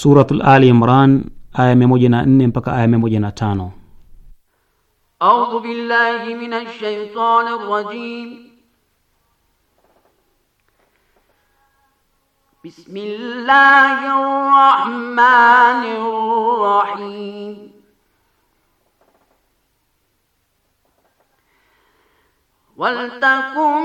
Suratul Ali Imran aya 104 mpaka aya 105. A'udhu billahi minash shaitanir rajim. Bismillahir rahmanir rahim. Wal takum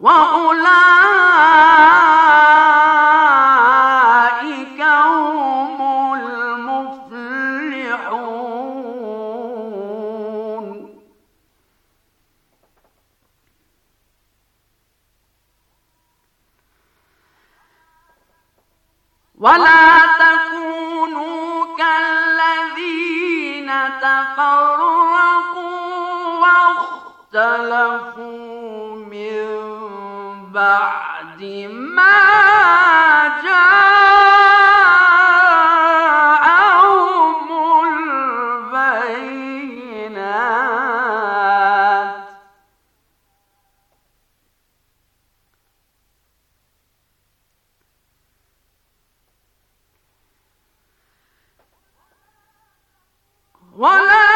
هم المفلحون ولا تكونوا كالذين تفرقوا واختلفوا من بعد ما جاءهم البينات ولا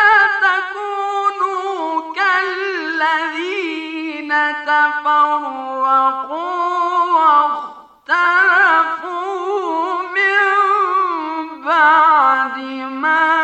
بعد ما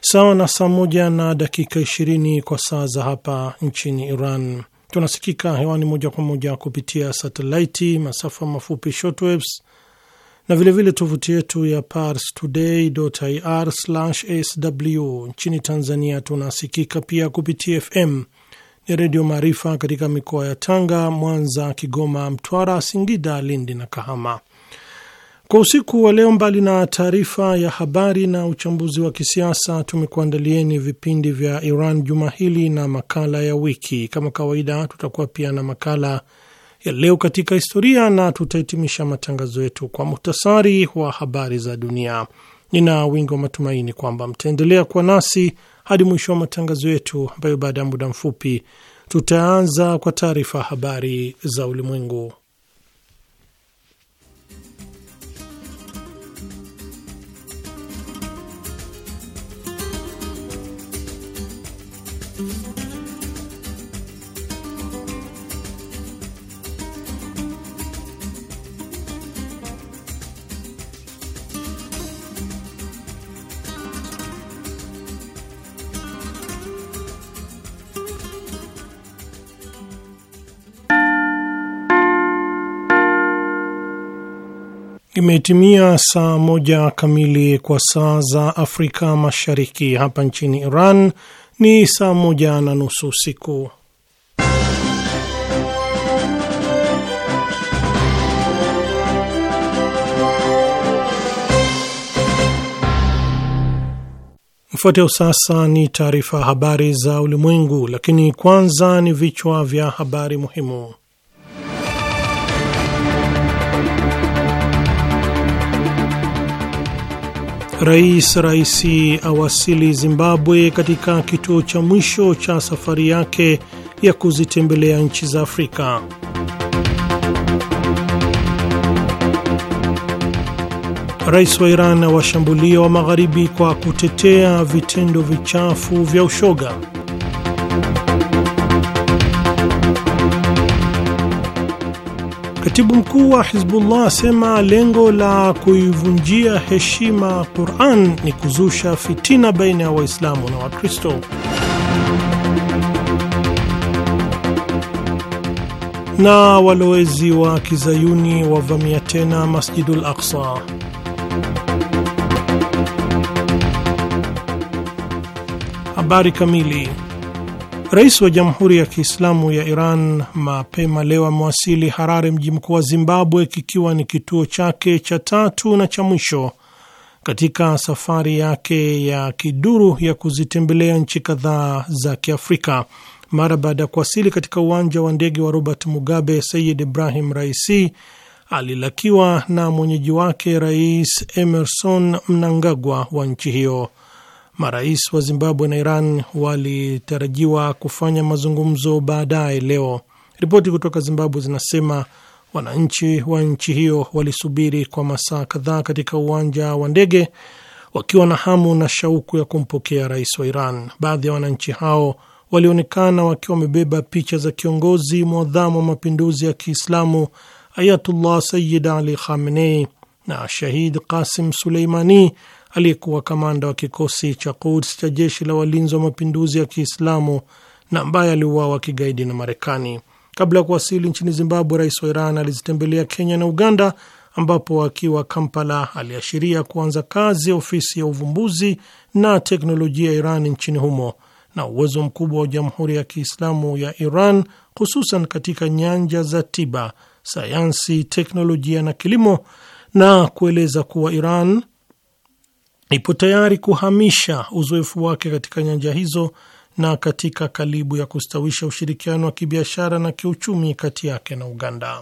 sawa na saa moja na dakika ishirini kwa saa za hapa nchini Iran. Tunasikika hewani moja kwa moja kupitia satelaiti, masafa mafupi shortwaves na vilevile tovuti yetu ya pars ir sw Nchini Tanzania tunasikika pia kupitia FM ni Redio Maarifa katika mikoa ya Tanga, Mwanza, Kigoma, Mtwara, Singida, Lindi na Kahama. Kwa usiku wa leo, mbali na taarifa ya habari na uchambuzi wa kisiasa, tumekuandalieni vipindi vya Iran juma hili na makala ya wiki. Kama kawaida, tutakuwa pia na makala ya leo katika historia na tutahitimisha matangazo yetu kwa muhtasari wa habari za dunia. Nina wingi wa matumaini kwamba mtaendelea kuwa nasi hadi mwisho wa matangazo yetu, ambayo baada ya muda mfupi tutaanza kwa taarifa habari za ulimwengu. Imetimia saa moja kamili kwa saa za Afrika Mashariki. Hapa nchini Iran ni saa moja na nusu usiku. Mfuatao sasa ni taarifa habari za ulimwengu, lakini kwanza ni vichwa vya habari muhimu. Rais Raisi awasili Zimbabwe katika kituo cha mwisho cha safari yake ya kuzitembelea nchi za Afrika. Rais wa Iran awashambulia wa magharibi kwa kutetea vitendo vichafu vya ushoga. Katibu mkuu wa Hizbullah asema lengo la kuivunjia heshima Quran ni kuzusha fitina baina ya Waislamu na Wakristo. Na walowezi wa kizayuni wavamia tena Masjidul Aqsa. Habari kamili Rais wa Jamhuri ya Kiislamu ya Iran mapema leo amewasili Harare, mji mkuu wa Zimbabwe, kikiwa ni kituo chake cha tatu na cha mwisho katika safari yake ya kiduru ya kuzitembelea nchi kadhaa za Kiafrika. Mara baada ya kuwasili katika uwanja wa ndege wa Robert Mugabe, Sayid Ibrahim Raisi alilakiwa na mwenyeji wake Rais Emerson Mnangagwa wa nchi hiyo. Marais wa Zimbabwe na Iran walitarajiwa kufanya mazungumzo baadaye leo. Ripoti kutoka Zimbabwe zinasema wananchi wa nchi hiyo walisubiri kwa masaa kadhaa katika uwanja wa ndege wakiwa na hamu na shauku ya kumpokea rais wa Iran. Baadhi ya wananchi hao walionekana wakiwa wamebeba picha za kiongozi mwadhamu wa mapinduzi ya Kiislamu Ayatullah Sayyid Ali Khamenei na Shahid Qasim Suleimani aliyekuwa kamanda wa kikosi cha Quds cha jeshi la walinzi wa mapinduzi ya Kiislamu na ambaye aliuawa kigaidi na Marekani. Kabla ya kuwasili nchini Zimbabwe, rais wa Iran alizitembelea Kenya na Uganda, ambapo akiwa Kampala aliashiria kuanza kazi ya ofisi ya uvumbuzi na teknolojia ya Iran nchini humo na uwezo mkubwa wa Jamhuri ya Kiislamu ya Iran hususan katika nyanja za tiba, sayansi, teknolojia na kilimo, na kueleza kuwa Iran ipo tayari kuhamisha uzoefu wake katika nyanja hizo na katika kalibu ya kustawisha ushirikiano wa kibiashara na kiuchumi kati yake na Uganda.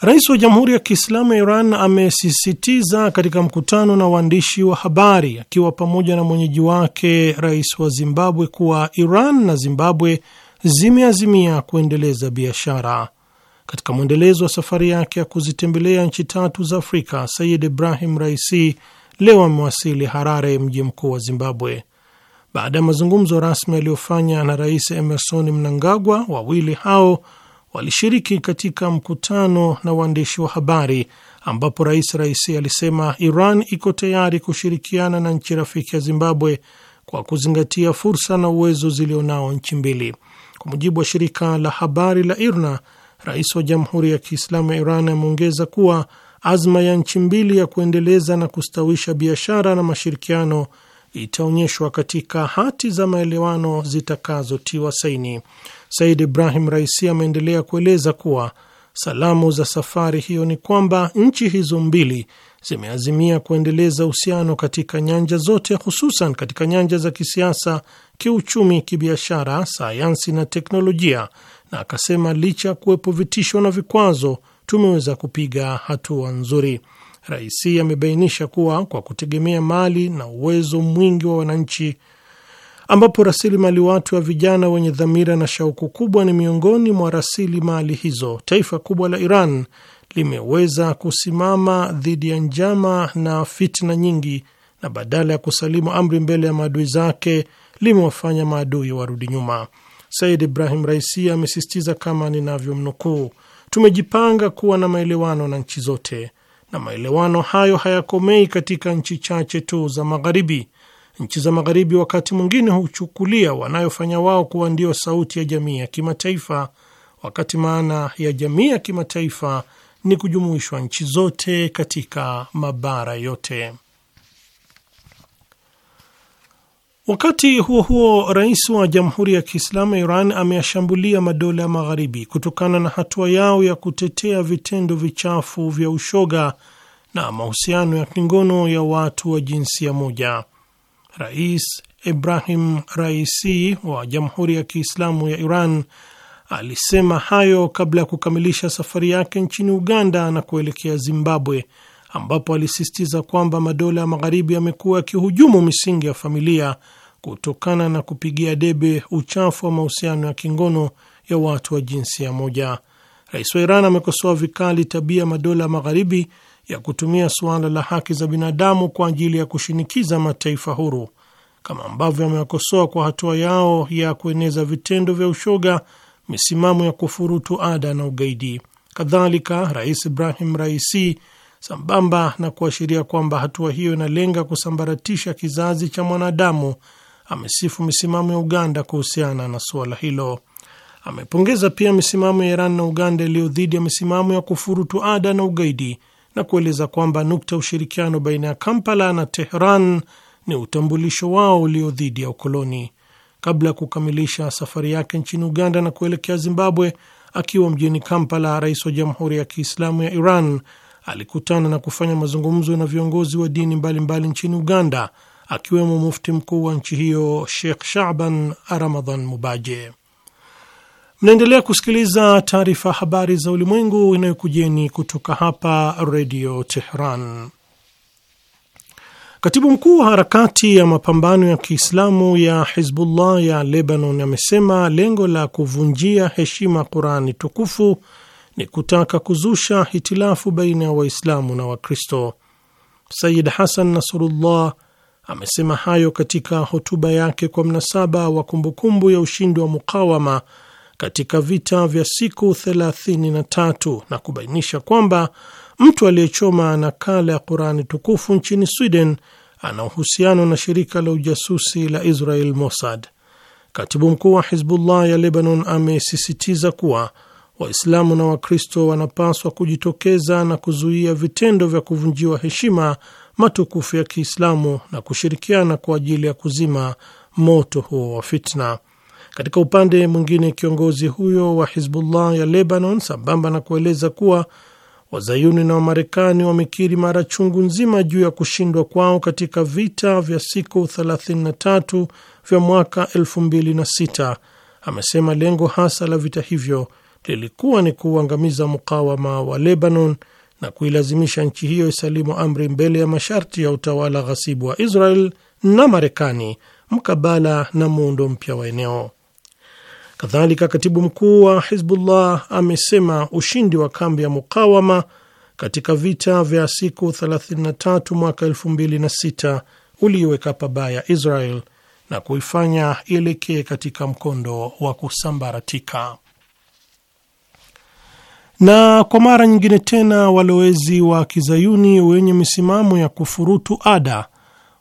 Rais wa Jamhuri ya Kiislamu ya Iran amesisitiza katika mkutano na waandishi wa habari akiwa pamoja na mwenyeji wake rais wa Zimbabwe kuwa Iran na Zimbabwe zimeazimia kuendeleza biashara. Katika mwendelezo wa safari yake ya kuzitembelea nchi tatu za Afrika, Sayid Ibrahim Raisi leo amewasili Harare, mji mkuu wa Zimbabwe, baada ya mazungumzo rasmi aliyofanya na Rais Emerson Mnangagwa. Wawili hao walishiriki katika mkutano na waandishi wa habari ambapo Rais Raisi alisema Iran iko tayari kushirikiana na nchi rafiki ya Zimbabwe kwa kuzingatia fursa na uwezo zilionao nchi mbili. Kwa mujibu wa shirika la habari la IRNA, rais wa Jamhuri ya Kiislamu ya Iran ameongeza kuwa azma ya nchi mbili ya kuendeleza na kustawisha biashara na mashirikiano itaonyeshwa katika hati za maelewano zitakazotiwa saini. Said Ibrahim Raisi ameendelea kueleza kuwa salamu za safari hiyo ni kwamba nchi hizo mbili zimeazimia kuendeleza uhusiano katika nyanja zote, hususan katika nyanja za kisiasa, kiuchumi, kibiashara, sayansi na teknolojia, na akasema licha ya kuwepo vitisho na vikwazo tumeweza kupiga hatua nzuri. Rais amebainisha kuwa kwa kutegemea mali na uwezo mwingi wa wananchi, ambapo rasilimali watu wa vijana wenye dhamira na shauku kubwa ni miongoni mwa rasilimali hizo, taifa kubwa la Iran limeweza kusimama dhidi ya njama na fitna nyingi, na badala ya kusalimu amri mbele ya maadui zake limewafanya maadui warudi nyuma. Said Ibrahim Raisi amesisitiza kama ninavyomnukuu: tumejipanga kuwa na maelewano na nchi zote, na maelewano hayo hayakomei katika nchi chache tu za Magharibi. Nchi za Magharibi wakati mwingine huchukulia wanayofanya wao kuwa ndio sauti ya jamii ya kimataifa, wakati maana ya jamii ya kimataifa ni kujumuishwa nchi zote katika mabara yote. Wakati huo huo, rais wa Jamhuri ya Kiislamu ya Iran ameyashambulia madola ya Magharibi kutokana na hatua yao ya kutetea vitendo vichafu vya ushoga na mahusiano ya kingono ya watu wa jinsia moja. Rais Ibrahim Raisi wa Jamhuri ya Kiislamu ya Iran alisema hayo kabla ya kukamilisha safari yake nchini Uganda na kuelekea Zimbabwe, ambapo alisisitiza kwamba madola ya Magharibi yamekuwa yakihujumu misingi ya familia kutokana na kupigia debe uchafu wa mahusiano ya kingono ya watu wa jinsia moja. Rais wa Iran amekosoa vikali tabia madola magharibi ya kutumia suala la haki za binadamu kwa ajili ya kushinikiza mataifa huru, kama ambavyo amewakosoa kwa hatua yao ya kueneza vitendo vya ushoga, misimamo ya kufurutu ada na ugaidi. Kadhalika, Rais Ibrahim Raisi, sambamba na kuashiria kwamba hatua hiyo inalenga kusambaratisha kizazi cha mwanadamu amesifu misimamo ya Uganda kuhusiana na suala hilo. Amepongeza pia misimamo ya Iran na Uganda iliyo dhidi ya misimamo ya kufurutu ada na ugaidi na kueleza kwamba nukta ushirikiano baina ya Kampala na Tehran ni utambulisho wao ulio dhidi ya ukoloni. Kabla ya kukamilisha safari yake nchini Uganda na kuelekea Zimbabwe, akiwa mjini Kampala, rais wa Jamhuri ya Kiislamu ya Iran alikutana na kufanya mazungumzo na viongozi wa dini mbalimbali mbali nchini Uganda akiwemo mufti mkuu wa nchi hiyo Sheikh Shaban ramadan Mubaje. Mnaendelea kusikiliza taarifa habari za ulimwengu inayokujeni kutoka hapa Redio Tehran. Katibu mkuu wa harakati ya mapambano ya Kiislamu ya Hizbullah ya Lebanon amesema lengo la kuvunjia heshima Qurani tukufu ni kutaka kuzusha hitilafu baina ya Waislamu na Wakristo. Sayid Hasan Nasrullah Amesema hayo katika hotuba yake kwa mnasaba wa kumbukumbu ya ushindi wa mukawama katika vita vya siku 33 na kubainisha kwamba mtu aliyechoma nakala ya Qurani tukufu nchini Sweden ana uhusiano na shirika la ujasusi la Israel Mossad. Katibu mkuu wa Hizbullah ya Lebanon amesisitiza kuwa Waislamu na Wakristo wanapaswa kujitokeza na kuzuia vitendo vya kuvunjiwa heshima matukufu ya Kiislamu na kushirikiana kwa ajili ya kuzima moto huo wa fitna. Katika upande mwingine, kiongozi huyo wa Hizbullah ya Lebanon, sambamba na kueleza kuwa wazayuni na Wamarekani wamekiri mara chungu nzima juu ya kushindwa kwao katika vita vya siku 33 vya mwaka 2006, amesema lengo hasa la vita hivyo lilikuwa ni kuuangamiza mukawama wa Lebanon na kuilazimisha nchi hiyo isalimu amri mbele ya masharti ya utawala ghasibu wa Israel na Marekani mkabala na muundo mpya wa eneo. Kadhalika, katibu mkuu wa Hizbullah amesema ushindi wa kambi ya mukawama katika vita vya siku 33 mwaka 2006 uliiweka pabaya Israel na kuifanya ielekee katika mkondo wa kusambaratika. Na kwa mara nyingine tena walowezi wa kizayuni wenye misimamo ya kufurutu ada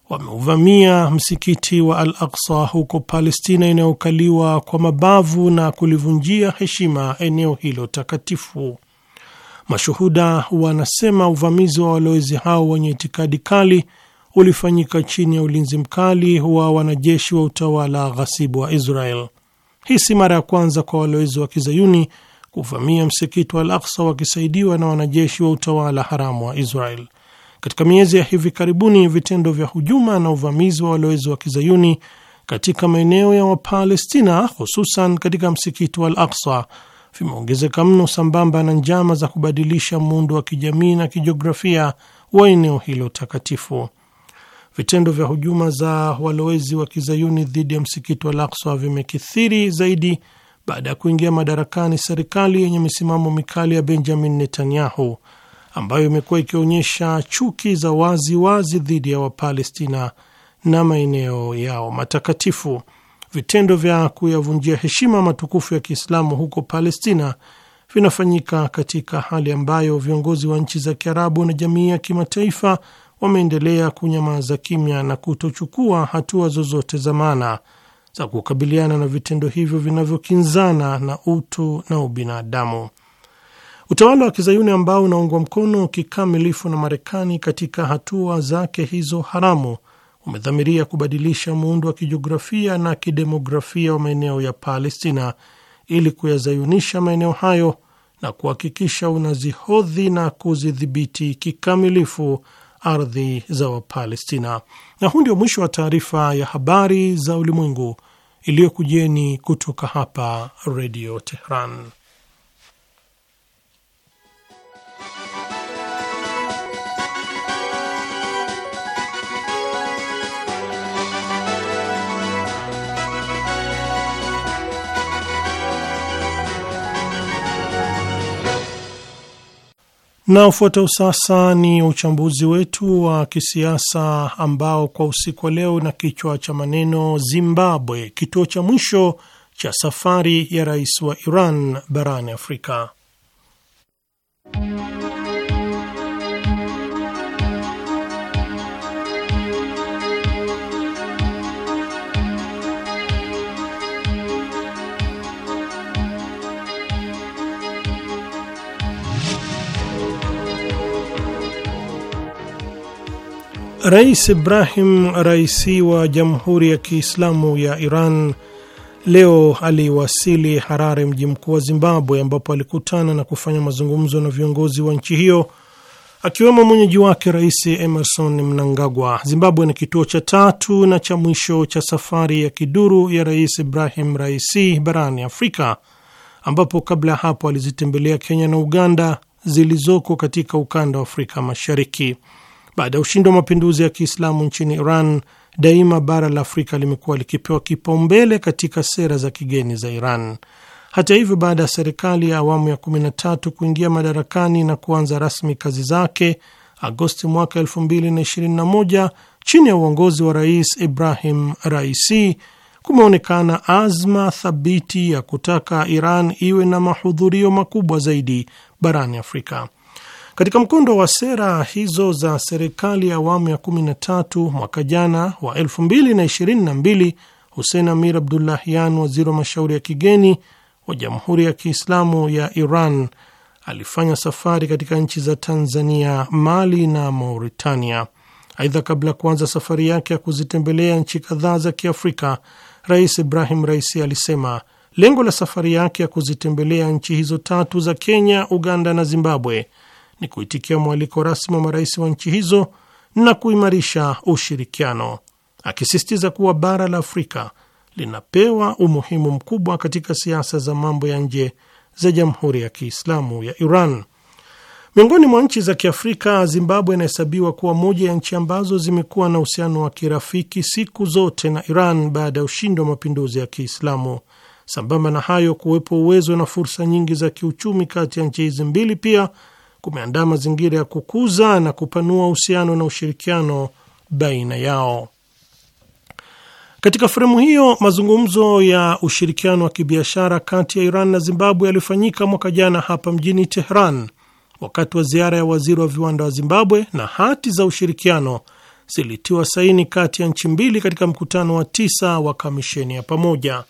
wameuvamia msikiti wa Al Aqsa huko Palestina inayokaliwa kwa mabavu na kulivunjia heshima eneo hilo takatifu. Mashuhuda wanasema uvamizi wa walowezi hao wenye itikadi kali ulifanyika chini ya ulinzi mkali wa wanajeshi wa utawala ghasibu wa Israel. Hii si mara ya kwanza kwa walowezi wa kizayuni kuvamia msikiti wa Al-Aqsa wakisaidiwa na wanajeshi wa utawala haramu wa Israel. Katika miezi ya hivi karibuni, vitendo vya hujuma na uvamizi wa walowezi wa kizayuni katika maeneo ya Wapalestina, hususan katika msikiti wa Al-Aqsa vimeongezeka mno, sambamba na njama za kubadilisha muundo wa kijamii na kijiografia wa eneo hilo takatifu. Vitendo vya hujuma za walowezi wa kizayuni dhidi ya msikiti wa Al-Aqsa vimekithiri zaidi baada ya kuingia madarakani serikali yenye misimamo mikali ya Benjamin Netanyahu ambayo imekuwa ikionyesha chuki za wazi wazi dhidi ya Wapalestina na maeneo yao matakatifu. Vitendo vya kuyavunjia heshima matukufu ya Kiislamu huko Palestina vinafanyika katika hali ambayo viongozi wa nchi za Kiarabu na jamii ya kimataifa wameendelea kunyamaza kimya na kutochukua hatua zozote za maana za kukabiliana na vitendo hivyo vinavyokinzana na utu na ubinadamu. Utawala wa kizayuni ambao unaungwa mkono kikamilifu na Marekani katika hatua zake hizo haramu umedhamiria kubadilisha muundo wa kijiografia na kidemografia wa maeneo ya Palestina ili kuyazayunisha maeneo hayo na kuhakikisha unazihodhi na kuzidhibiti kikamilifu ardhi za Wapalestina. Na huu ndio mwisho wa taarifa ya habari za ulimwengu iliyokujeni kutoka hapa Redio Tehran. Na ufuatao sasa ni uchambuzi wetu wa kisiasa ambao kwa usiku wa leo na kichwa cha maneno Zimbabwe, kituo cha mwisho cha safari ya rais wa Iran barani Afrika. Rais Ibrahim Raisi wa Jamhuri ya Kiislamu ya Iran leo aliwasili Harare, mji mkuu wa Zimbabwe, ambapo alikutana na kufanya mazungumzo na viongozi wa nchi hiyo akiwemo mwenyeji wake Rais Emerson Mnangagwa. Zimbabwe ni kituo cha tatu na cha mwisho cha safari ya kiduru ya Rais Ibrahim Raisi barani Afrika, ambapo kabla ya hapo alizitembelea Kenya na Uganda zilizoko katika ukanda wa Afrika Mashariki. Baada ya ushindi wa mapinduzi ya Kiislamu nchini Iran, daima bara la Afrika limekuwa likipewa kipaumbele katika sera za kigeni za Iran. Hata hivyo, baada ya serikali ya awamu ya 13 kuingia madarakani na kuanza rasmi kazi zake Agosti mwaka 2021 chini ya uongozi wa Rais Ibrahim Raisi, kumeonekana azma thabiti ya kutaka Iran iwe na mahudhurio makubwa zaidi barani Afrika. Katika mkondo wa sera hizo za serikali ya awamu ya 13 mwaka jana wa 2022, Hussein Amir Abdullahyan, waziri wa mashauri ya kigeni wa Jamhuri ya Kiislamu ya Iran, alifanya safari katika nchi za Tanzania, Mali na Mauritania. Aidha, kabla ya kuanza safari yake ya kuzitembelea nchi kadhaa za Kiafrika, Rais Ibrahim Raisi alisema lengo la safari yake ya kuzitembelea nchi hizo tatu za Kenya, Uganda na Zimbabwe ni kuitikia mwaliko rasmi wa marais wa nchi hizo na kuimarisha ushirikiano, akisisitiza kuwa bara la Afrika linapewa umuhimu mkubwa katika siasa za mambo ya nje za Jamhuri ya Kiislamu ya Iran. Miongoni mwa nchi za Kiafrika, Zimbabwe inahesabiwa kuwa moja ya nchi ambazo zimekuwa na uhusiano wa kirafiki siku zote na Iran baada ya ushindi wa mapinduzi ya Kiislamu. Sambamba na hayo, kuwepo uwezo na fursa nyingi za kiuchumi kati ya nchi hizi mbili pia kumeandaa mazingira ya kukuza na kupanua uhusiano na ushirikiano baina yao. Katika fremu hiyo, mazungumzo ya ushirikiano wa kibiashara kati ya Iran na Zimbabwe yalifanyika mwaka jana hapa mjini Tehran wakati wa ziara ya waziri wa viwanda wa Zimbabwe, na hati za ushirikiano zilitiwa saini kati ya nchi mbili katika mkutano wa tisa wa kamisheni ya pamoja.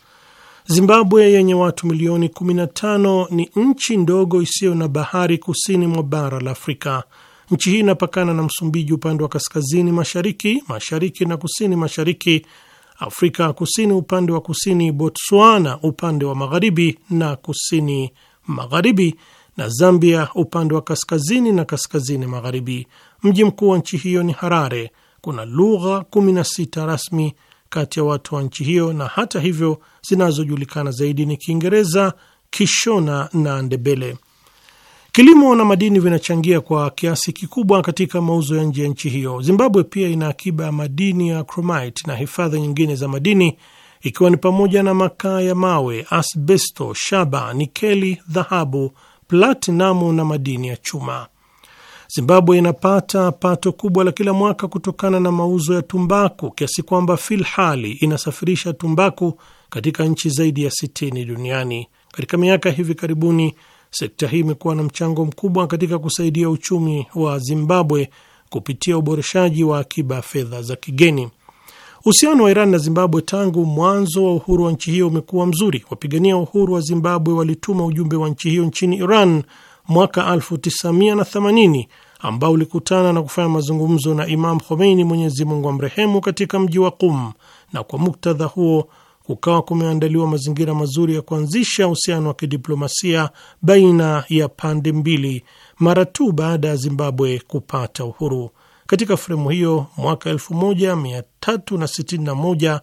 Zimbabwe yenye watu milioni 15 ni nchi ndogo isiyo na bahari kusini mwa bara la Afrika. Nchi hii inapakana na Msumbiji upande wa kaskazini mashariki, mashariki na kusini mashariki, Afrika Kusini upande wa kusini, Botswana upande wa magharibi na kusini magharibi, na Zambia upande wa kaskazini na kaskazini magharibi. Mji mkuu wa nchi hiyo ni Harare. Kuna lugha 16 rasmi kati ya watu wa nchi hiyo, na hata hivyo zinazojulikana zaidi ni Kiingereza, Kishona na Ndebele. Kilimo na madini vinachangia kwa kiasi kikubwa katika mauzo ya nje ya nchi hiyo. Zimbabwe pia ina akiba ya madini ya chromite na hifadhi nyingine za madini ikiwa ni pamoja na makaa ya mawe, asbesto, shaba, nikeli, dhahabu, platinamu na madini ya chuma. Zimbabwe inapata pato kubwa la kila mwaka kutokana na mauzo ya tumbaku kiasi kwamba filhali inasafirisha tumbaku katika nchi zaidi ya 60 duniani. Katika miaka hivi karibuni, sekta hii imekuwa na mchango mkubwa katika kusaidia uchumi wa Zimbabwe kupitia uboreshaji wa akiba fedha za kigeni. Uhusiano wa Iran na Zimbabwe tangu mwanzo wa uhuru wa nchi hiyo umekuwa mzuri. Wapigania uhuru wa Zimbabwe walituma ujumbe wa nchi hiyo nchini Iran mwaka 1980 ambao ulikutana na kufanya mazungumzo na Imam Khomeini, Mwenyezi Mungu amrehemu, katika mji wa Qum, na kwa muktadha huo kukawa kumeandaliwa mazingira mazuri ya kuanzisha uhusiano wa kidiplomasia baina ya pande mbili mara tu baada ya Zimbabwe kupata uhuru. Katika fremu hiyo, mwaka 1361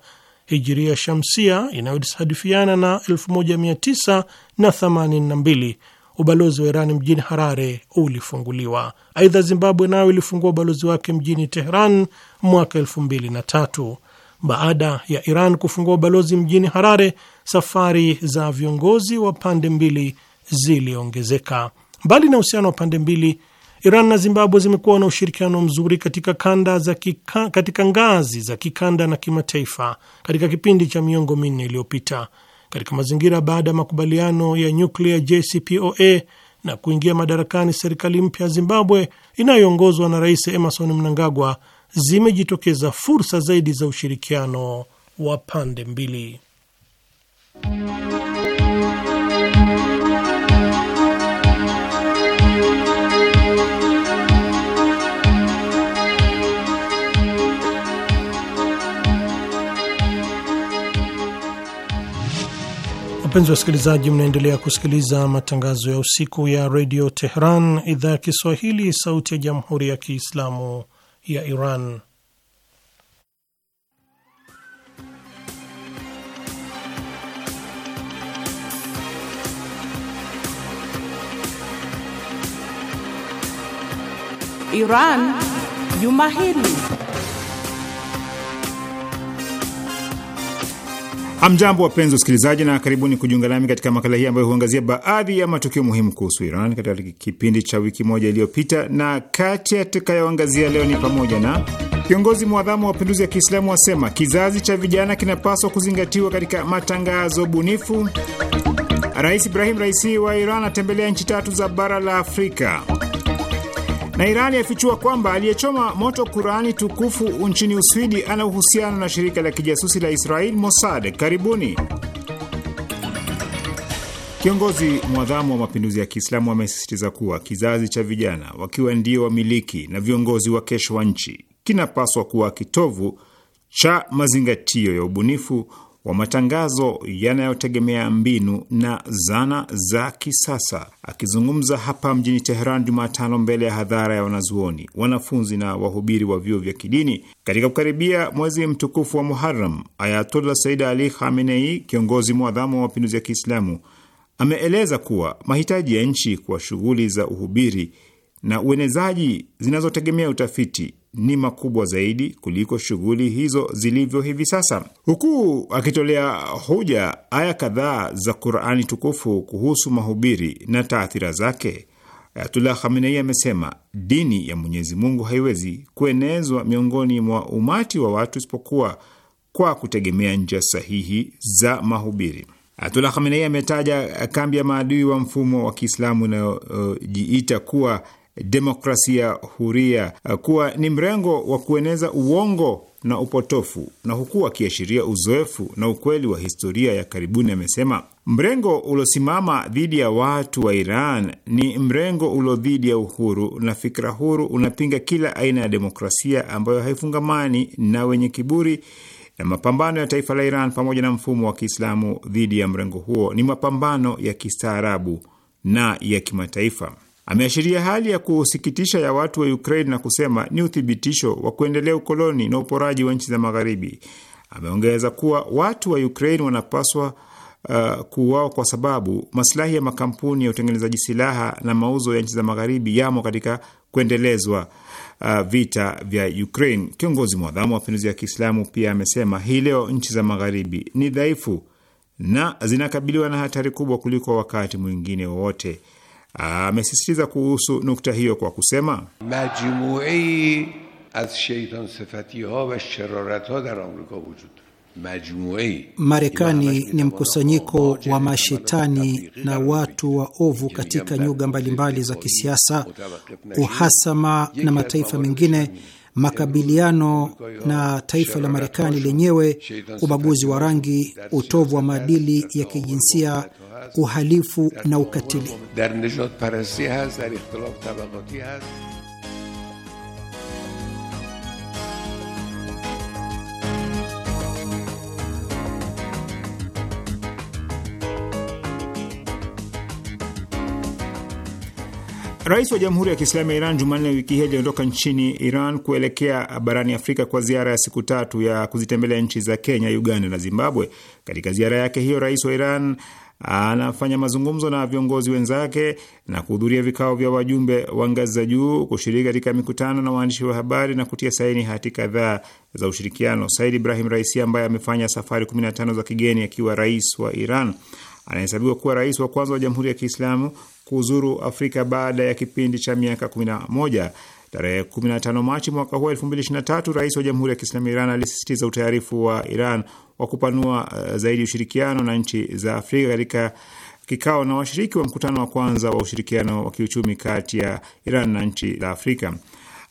hijiria shamsia inayosadifiana na 1982 ubalozi wa Iran mjini Harare ulifunguliwa. Aidha, Zimbabwe nayo ilifungua ubalozi wake mjini Tehran mwaka elfu mbili na tatu. Baada ya Iran kufungua ubalozi mjini Harare, safari za viongozi wa pande mbili ziliongezeka. Mbali na uhusiano wa pande mbili, Iran na Zimbabwe zimekuwa na ushirikiano mzuri katika kanda za kika, katika ngazi za kikanda na kimataifa katika kipindi cha miongo minne iliyopita katika mazingira baada ya makubaliano ya nyuklia JCPOA na kuingia madarakani serikali mpya ya Zimbabwe inayoongozwa na Rais Emerson Mnangagwa, zimejitokeza fursa zaidi za ushirikiano wa pande mbili. Wapenzi wasikilizaji, mnaendelea kusikiliza matangazo ya usiku ya redio Tehran, idhaa ya Kiswahili, sauti ya jamhuri ya kiislamu ya Iran. Iran Juma Hili. Hamjambo, wapenzi wasikilizaji, na karibuni kujiunga nami katika makala hii ambayo huangazia baadhi ya matukio muhimu kuhusu Iran katika kipindi cha wiki moja iliyopita, na kati atakayoangazia leo ni pamoja na kiongozi mwadhamu wa mapinduzi ya Kiislamu wasema kizazi cha vijana kinapaswa kuzingatiwa katika matangazo bunifu, Rais Ibrahim Raisi wa Iran atembelea nchi tatu za bara la Afrika na Irani yafichua kwamba aliyechoma moto Qurani tukufu nchini Uswidi ana uhusiano na shirika la kijasusi la Israel Mossad. Karibuni. Kiongozi mwadhamu wa mapinduzi ya Kiislamu amesisitiza kuwa kizazi cha vijana, wakiwa ndio wamiliki na viongozi wa kesho wa nchi, kinapaswa kuwa kitovu cha mazingatio ya ubunifu wa matangazo yanayotegemea mbinu na zana za kisasa. Akizungumza hapa mjini Teheran Jumatano mbele ya hadhara ya wanazuoni, wanafunzi na wahubiri wa vyuo vya kidini katika kukaribia mwezi mtukufu wa Muharram, Ayatullah Said Ali Khamenei, kiongozi mwadhamu wa mapinduzi ya Kiislamu, ameeleza kuwa mahitaji ya nchi kwa shughuli za uhubiri na uenezaji zinazotegemea utafiti ni makubwa zaidi kuliko shughuli hizo zilivyo hivi sasa, huku akitolea hoja aya kadhaa za Qurani tukufu kuhusu mahubiri na taathira zake. Ayatullah Khamenei amesema dini ya Mwenyezi Mungu haiwezi kuenezwa miongoni mwa umati wa watu isipokuwa kwa kutegemea njia sahihi za mahubiri. Ayatullah Khamenei ametaja kambi ya maadui wa mfumo wa Kiislamu inayojiita uh, kuwa demokrasia huria eh, kuwa ni mrengo wa kueneza uongo na upotofu na huku akiashiria uzoefu na ukweli wa historia ya karibuni, amesema mrengo uliosimama dhidi ya watu wa Iran ni mrengo ulio dhidi ya uhuru na fikra huru, unapinga kila aina ya demokrasia ambayo haifungamani na wenye kiburi na mapambano ya taifa la Iran pamoja na mfumo wa Kiislamu dhidi ya mrengo huo ni mapambano ya kistaarabu na ya kimataifa. Ameashiria hali ya kusikitisha ya watu wa Ukraine na kusema ni uthibitisho wa kuendelea ukoloni na uporaji wa nchi za Magharibi. Ameongeza kuwa watu wa Ukraine wanapaswa uh, kuuawa kwa sababu masilahi ya makampuni ya utengenezaji silaha na mauzo ya nchi za Magharibi yamo katika kuendelezwa uh, vita vya Ukraine. Kiongozi mwadhamu wa mapinduzi ya Kiislamu pia amesema hii leo nchi za Magharibi ni dhaifu na zinakabiliwa na hatari kubwa kuliko wakati mwingine wowote amesisitiza kuhusu nukta hiyo kwa kusema majmui az wa dar amrika wujud Marekani ni mkusanyiko wa mashetani na watu wa ovu katika nyuga mbalimbali za kisiasa, uhasama na mataifa mengine makabiliano na taifa la Marekani lenyewe, ubaguzi wa rangi, utovu wa maadili ya kijinsia, uhalifu na ukatili. Rais wa Jamhuri ya Kiislamu ya Iran Jumanne wiki hii aliondoka nchini Iran kuelekea barani Afrika kwa ziara ya siku tatu ya kuzitembelea nchi za Kenya, Uganda na Zimbabwe. Katika ziara yake hiyo, rais wa Iran anafanya mazungumzo na viongozi wenzake na kuhudhuria vikao vya wajumbe wa ngazi za juu, kushiriki katika mikutano na waandishi wa habari na kutia saini hati kadhaa za ushirikiano. Said Ibrahim Raisi, ambaye amefanya safari 15 za kigeni akiwa rais wa Iran, anahesabiwa kuwa rais wa kwanza wa Jamhuri ya Kiislamu kuzuru Afrika baada ya kipindi cha miaka 11. Tarehe 15 Machi mwaka huu 2023, rais wa Jamhuri ya Kiislamu Iran alisisitiza utayarifu wa Iran wa kupanua uh, zaidi ushirikiano na nchi za Afrika katika kikao na washiriki wa mkutano wa kwanza wa ushirikiano wa kiuchumi kati ya Iran na nchi za Afrika.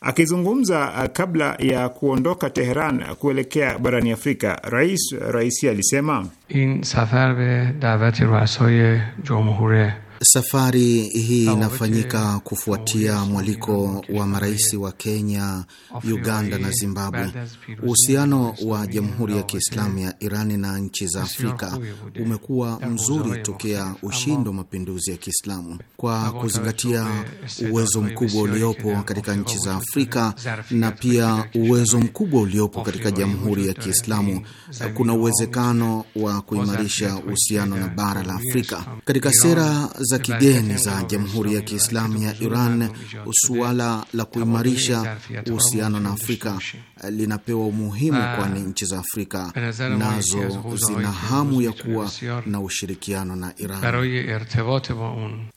Akizungumza uh, kabla ya kuondoka Teheran kuelekea barani Afrika, rais Raisi alisema in safar be dawati ruasaye jumhure Safari hii inafanyika kufuatia mwaliko wa marais wa Kenya, Uganda na Zimbabwe. Uhusiano wa Jamhuri ya Kiislamu ya Irani na nchi za Afrika umekuwa mzuri tokea ushindi wa mapinduzi ya Kiislamu. Kwa kuzingatia uwezo mkubwa uliopo katika nchi za Afrika na pia uwezo mkubwa uliopo katika Jamhuri ya Kiislamu, kuna uwezekano wa kuimarisha uhusiano na bara la Afrika. Katika sera za kigeni za Jamhuri ya Kiislamu ya Iran, suala la kuimarisha uhusiano na Afrika linapewa umuhimu, ah, kwani nchi za Afrika nazo zina hamu ya kuwa na ushirikiano na Iran.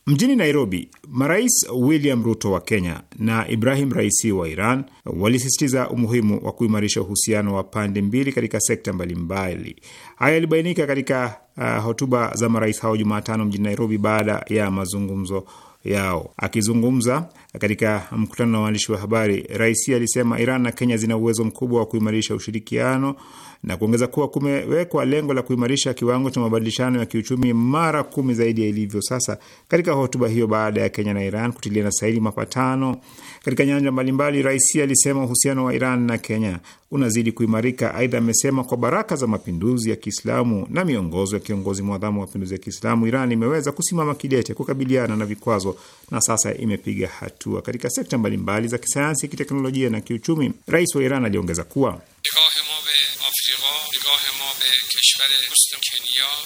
Mjini Nairobi, marais William Ruto wa Kenya na Ibrahim Raisi wa Iran walisisitiza umuhimu wa kuimarisha uhusiano wa pande mbili katika sekta mbalimbali. Haya yalibainika katika Eh, hotuba za marais hao Jumatano mjini Nairobi baada ya mazungumzo yao. Akizungumza katika mkutano na waandishi wa habari, rais alisema Iran na Kenya zina uwezo mkubwa wa kuimarisha ushirikiano na kuongeza kuwa kumewekwa lengo la kuimarisha kiwango cha mabadilishano ya kiuchumi mara kumi zaidi ya ilivyo sasa. Katika hotuba hiyo, baada ya Kenya na Iran kutilia na saini mapatano katika nyanja mbalimbali. rais alisema uhusiano wa Iran na Kenya unazidi kuimarika. Aidha, amesema kwa baraka za mapinduzi ya Kiislamu na miongozo ya kiongozi mwadhamu wa mapinduzi ya Kiislamu, Iran imeweza kusimama kidete kukabiliana na vikwazo na sasa imepiga hatua katika sekta mbalimbali za kisayansi, kiteknolojia na kiuchumi. Rais wa Iran aliongeza kuwa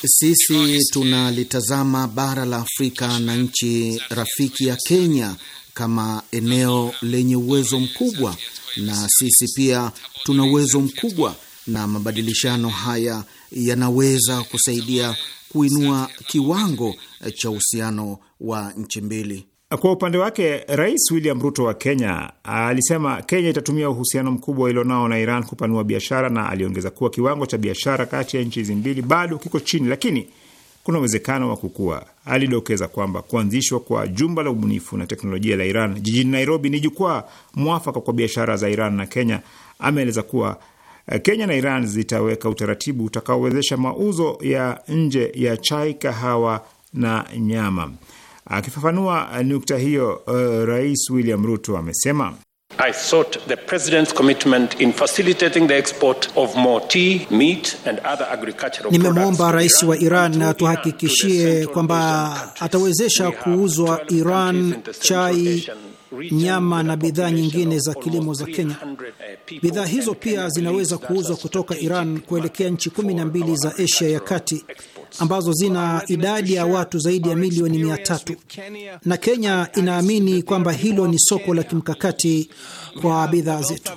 sisi tunalitazama bara la Afrika na nchi rafiki ya Kenya kama eneo lenye uwezo mkubwa, na sisi pia tuna uwezo mkubwa, na mabadilishano haya yanaweza kusaidia kuinua kiwango cha uhusiano wa nchi mbili. Kwa upande wake Rais William Ruto wa Kenya alisema Kenya itatumia uhusiano mkubwa ilionao na Iran kupanua biashara, na aliongeza kuwa kiwango cha biashara kati ya nchi hizi mbili bado kiko chini, lakini kuna uwezekano wa kukua. Alidokeza kwamba kuanzishwa kwa jumba la ubunifu na teknolojia la Iran jijini Nairobi ni jukwaa mwafaka kwa biashara za Iran na Kenya. Ameeleza kuwa eh, Kenya na Iran zitaweka utaratibu utakaowezesha mauzo ya nje ya chai, kahawa na nyama. Akifafanua nukta hiyo, uh, Rais William Ruto amesema I sought the president's commitment in facilitating the export of more tea, meat and other agricultural products. nimemwomba rais wa Iran na tuhakikishie kwamba atawezesha kuuzwa Iran chai nyama na bidhaa nyingine za kilimo za Kenya. Bidhaa hizo pia zinaweza kuuzwa kutoka Iran kuelekea nchi kumi na mbili za Asia ya Kati ambazo zina idadi ya watu zaidi ya milioni mia tatu na Kenya inaamini kwamba hilo ni soko la kimkakati kwa bidhaa zetu.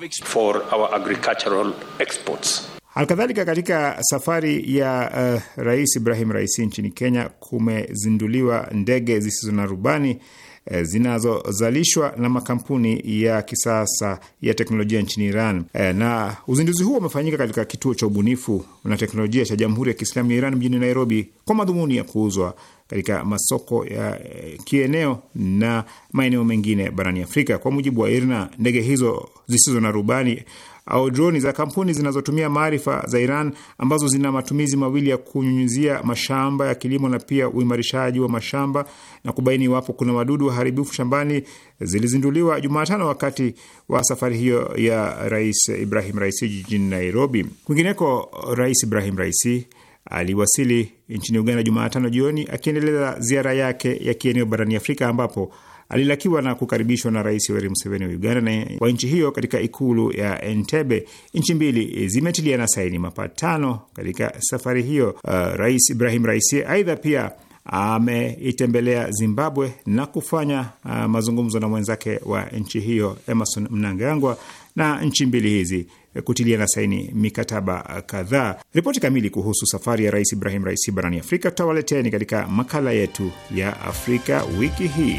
Halikadhalika, katika safari ya uh, Rais Ibrahim Raisi nchini Kenya kumezinduliwa ndege zisizo na rubani e, zinazozalishwa na makampuni ya kisasa ya teknolojia nchini Iran. E, na uzinduzi huo umefanyika katika kituo cha ubunifu na teknolojia cha Jamhuri ya Kiislamu ya Iran mjini Nairobi kwa madhumuni ya kuuzwa katika masoko ya eh, kieneo na maeneo mengine barani Afrika. Kwa mujibu wa IRNA, ndege hizo zisizo na rubani au droni za kampuni zinazotumia maarifa za Iran ambazo zina matumizi mawili ya kunyunyizia mashamba ya kilimo na pia uimarishaji wa mashamba na kubaini iwapo kuna wadudu waharibifu shambani zilizinduliwa Jumatano wakati wa safari hiyo ya Rais Ibrahim Raisi jijini Nairobi. Kwingineko, Rais Ibrahim Raisi aliwasili nchini Uganda Jumatano jioni akiendeleza ziara yake ya kieneo barani Afrika ambapo alilakiwa na kukaribishwa na Rais Yoweri Museveni wa Uganda wa nchi hiyo katika ikulu ya Entebbe. Nchi mbili zimetiliana saini mapatano katika safari hiyo. Uh, Rais Ibrahim Raisi aidha pia ameitembelea Zimbabwe na kufanya uh, mazungumzo na mwenzake wa nchi hiyo Emerson Mnangagwa, na nchi mbili hizi kutilia na saini mikataba kadhaa. Ripoti kamili kuhusu safari ya Rais Ibrahim Raisi barani Afrika tutawaleteni katika makala yetu ya Afrika wiki hii.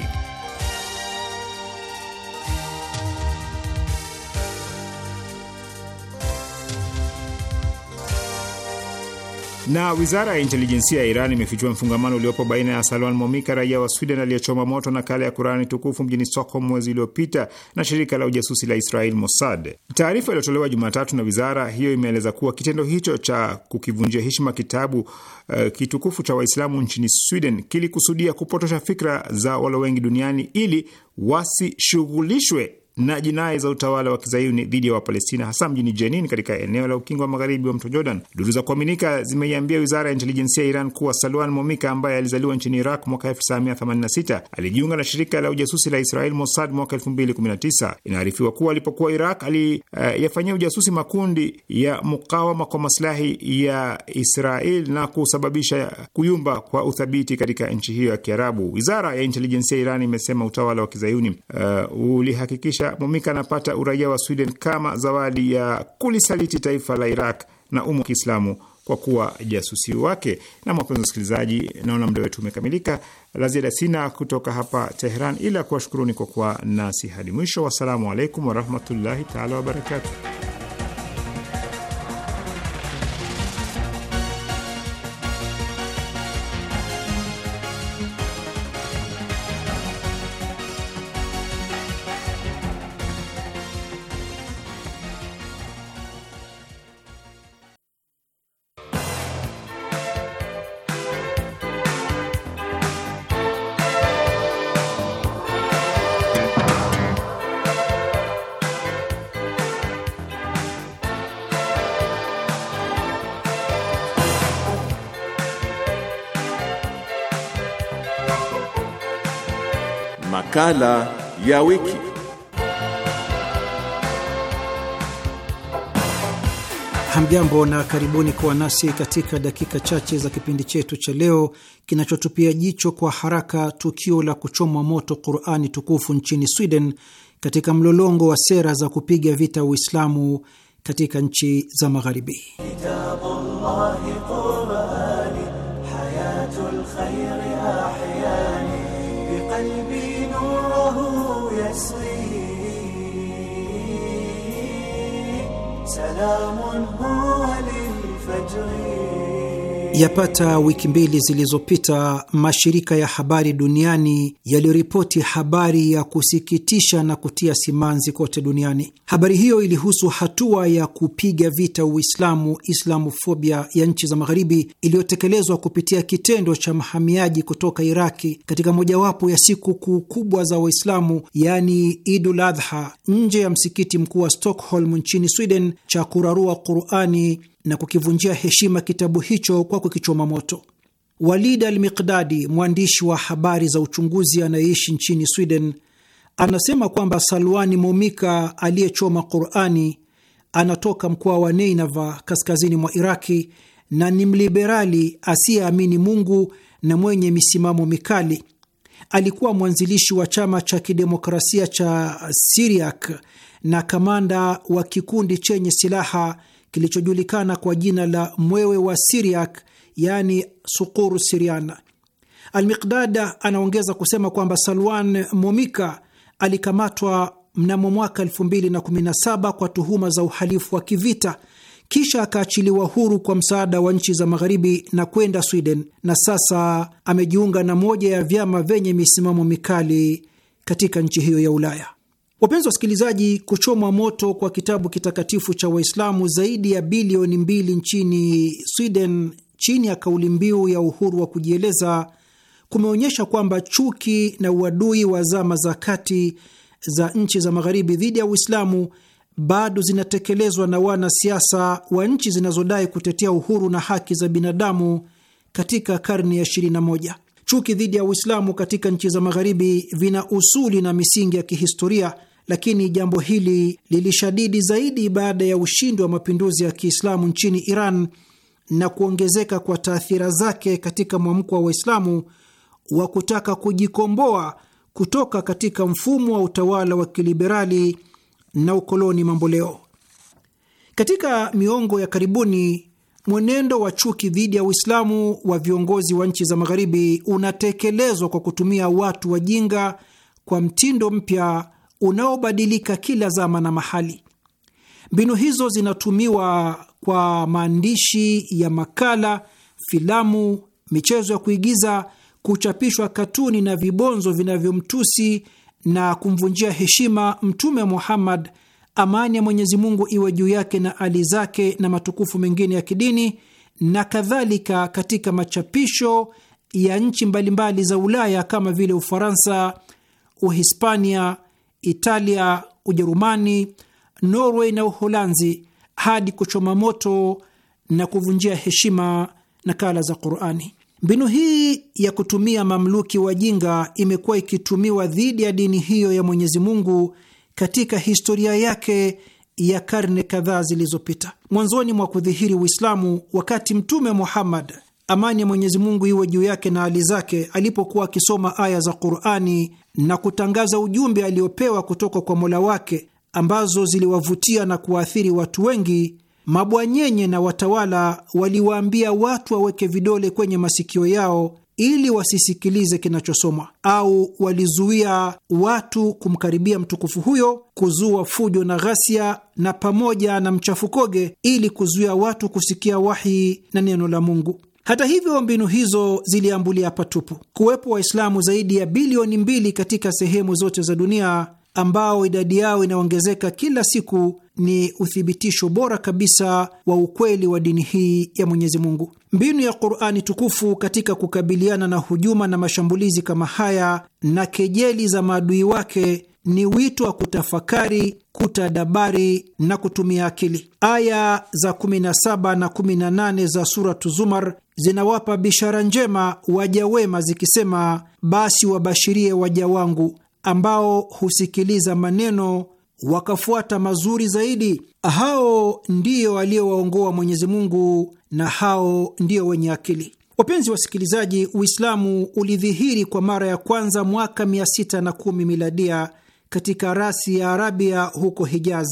Na wizara ya intelijensia ya Iran imefichua mfungamano uliopo baina ya Salwan Momika, raia wa Sweden aliyechoma moto nakala ya Kurani tukufu mjini Stockholm mwezi uliopita na shirika la ujasusi la Israel Mossad. Taarifa iliyotolewa Jumatatu na wizara hiyo imeeleza kuwa kitendo hicho cha kukivunjia heshima kitabu uh, kitukufu cha Waislamu nchini Sweden kilikusudia kupotosha fikra za walo wengi duniani ili wasishughulishwe na jinai za utawala wa kizayuni dhidi ya Wapalestina, hasa mjini Jenin katika eneo la ukingo wa magharibi wa mto Jordan. Duru za kuaminika zimeiambia wizara ya intelijensia ya Iran kuwa Salwan Momika ambaye alizaliwa nchini Iraq mwaka 1986 alijiunga na shirika la ujasusi la Israel Mossad mwaka 2019. Inaarifiwa kuwa alipokuwa Iraq aliyafanyia uh, ujasusi makundi ya mukawama kwa maslahi ya Israel na kusababisha kuyumba kwa uthabiti katika nchi hiyo ya Kiarabu. Wizara ya intelijensia ya Iran imesema utawala wa kizayuni uh, ulihakikisha iliyopita Momika anapata uraia wa Sweden kama zawadi ya kulisaliti taifa la Iraq na umma wa Kiislamu kwa kuwa jasusi wake. Na wapenzi wasikilizaji, naona muda wetu umekamilika. La ziada sina kutoka hapa Tehran, ila kuwashukuruni kwa kuwa nasi hadi mwisho. Wassalamu alaikum warahmatullahi taala wabarakatuh. makala ya wiki. Hamjambo na karibuni kuwa nasi katika dakika chache za kipindi chetu cha leo kinachotupia jicho kwa haraka tukio la kuchomwa moto Qur'ani tukufu nchini Sweden katika mlolongo wa sera za kupiga vita Uislamu katika nchi za magharibi. حصري سلام هو للفجر Yapata wiki mbili zilizopita mashirika ya habari duniani yaliripoti habari ya kusikitisha na kutia simanzi kote duniani. Habari hiyo ilihusu hatua ya kupiga vita Uislamu, islamofobia ya nchi za Magharibi, iliyotekelezwa kupitia kitendo cha mhamiaji kutoka Iraki katika mojawapo ya siku kuu kubwa za Waislamu, yaani Idul Adha, nje ya msikiti mkuu wa Stockholm nchini Sweden, cha kurarua Qurani na kukivunjia heshima kitabu hicho kwa kukichoma moto. Walid al miqdadi mwandishi wa habari za uchunguzi anayeishi nchini Sweden, anasema kwamba Salwani Momika aliyechoma Qurani anatoka mkoa wa Neinava kaskazini mwa Iraki na ni mliberali asiyeamini Mungu na mwenye misimamo mikali. Alikuwa mwanzilishi wa chama cha kidemokrasia cha siriak na kamanda wa kikundi chenye silaha kilichojulikana kwa jina la mwewe wa Siriak, yaani sukuru Siriana. Almiqdada anaongeza kusema kwamba Salwan Momika alikamatwa mnamo mwaka 2017 kwa tuhuma za uhalifu wa kivita kisha akaachiliwa huru kwa msaada wa nchi za magharibi na kwenda Sweden, na sasa amejiunga na moja ya vyama vyenye misimamo mikali katika nchi hiyo ya Ulaya. Wapenzi wasikilizaji, kuchomwa moto kwa kitabu kitakatifu cha Waislamu zaidi ya bilioni mbili nchini Sweden chini ya kauli mbiu ya uhuru wa kujieleza kumeonyesha kwamba chuki na uadui wa zama za kati za nchi za magharibi dhidi ya Uislamu bado zinatekelezwa na wanasiasa wa nchi zinazodai kutetea uhuru na haki za binadamu katika karne ya 21. Chuki dhidi ya Uislamu katika nchi za magharibi vina usuli na misingi ya kihistoria lakini jambo hili lilishadidi zaidi baada ya ushindi wa mapinduzi ya Kiislamu nchini Iran na kuongezeka kwa taathira zake katika mwamko wa Waislamu wa kutaka kujikomboa kutoka katika mfumo wa utawala wa kiliberali na ukoloni mamboleo. Katika miongo ya karibuni, mwenendo wa chuki dhidi ya Uislamu wa viongozi wa nchi za Magharibi unatekelezwa kwa kutumia watu wajinga kwa mtindo mpya unaobadilika kila zama na mahali. Mbinu hizo zinatumiwa kwa maandishi ya makala, filamu, michezo ya kuigiza, kuchapishwa katuni na vibonzo vinavyomtusi na kumvunjia heshima Mtume Muhammad, amani ya Mwenyezi Mungu iwe juu yake na ali zake, na matukufu mengine ya kidini na kadhalika, katika machapisho ya nchi mbalimbali za Ulaya kama vile Ufaransa, Uhispania, Italia, Ujerumani, Norway na Uholanzi hadi kuchoma moto na kuvunjia heshima nakala za Qurani. Mbinu hii ya kutumia mamluki wajinga imekuwa ikitumiwa dhidi ya dini hiyo ya Mwenyezi Mungu katika historia yake ya karne kadhaa zilizopita. Mwanzoni mwa kudhihiri Uislamu, wakati Mtume Muhammad amani ya Mwenyezi Mungu iwe juu yake na hali zake, alipokuwa akisoma aya za Qurani na kutangaza ujumbe aliopewa kutoka kwa Mola wake ambazo ziliwavutia na kuwaathiri watu wengi, mabwanyenye na watawala waliwaambia watu waweke vidole kwenye masikio yao ili wasisikilize kinachosomwa au walizuia watu kumkaribia mtukufu huyo, kuzua fujo na ghasia na pamoja na mchafukoge, ili kuzuia watu kusikia wahi na neno la Mungu. Hata hivyo, mbinu hizo ziliambulia patupu. Kuwepo Waislamu zaidi ya bilioni mbili katika sehemu zote za dunia ambao idadi yao inaongezeka kila siku ni uthibitisho bora kabisa wa ukweli wa dini hii ya Mwenyezi Mungu. Mbinu ya Qur'ani tukufu katika kukabiliana na hujuma na mashambulizi kama haya na kejeli za maadui wake ni wito wa kutafakari, kutadabari na kutumia akili. Aya za 17 na 18 za Suratu Zumar zinawapa bishara njema waja wema zikisema, basi wabashirie waja wangu ambao husikiliza maneno wakafuata mazuri zaidi. Hao ndio aliowaongoa Mwenyezi Mungu na hao ndio wenye akili. Wapenzi wasikilizaji, Uislamu ulidhihiri kwa mara ya kwanza mwaka 610 miladia katika rasi ya Arabia huko Hijaz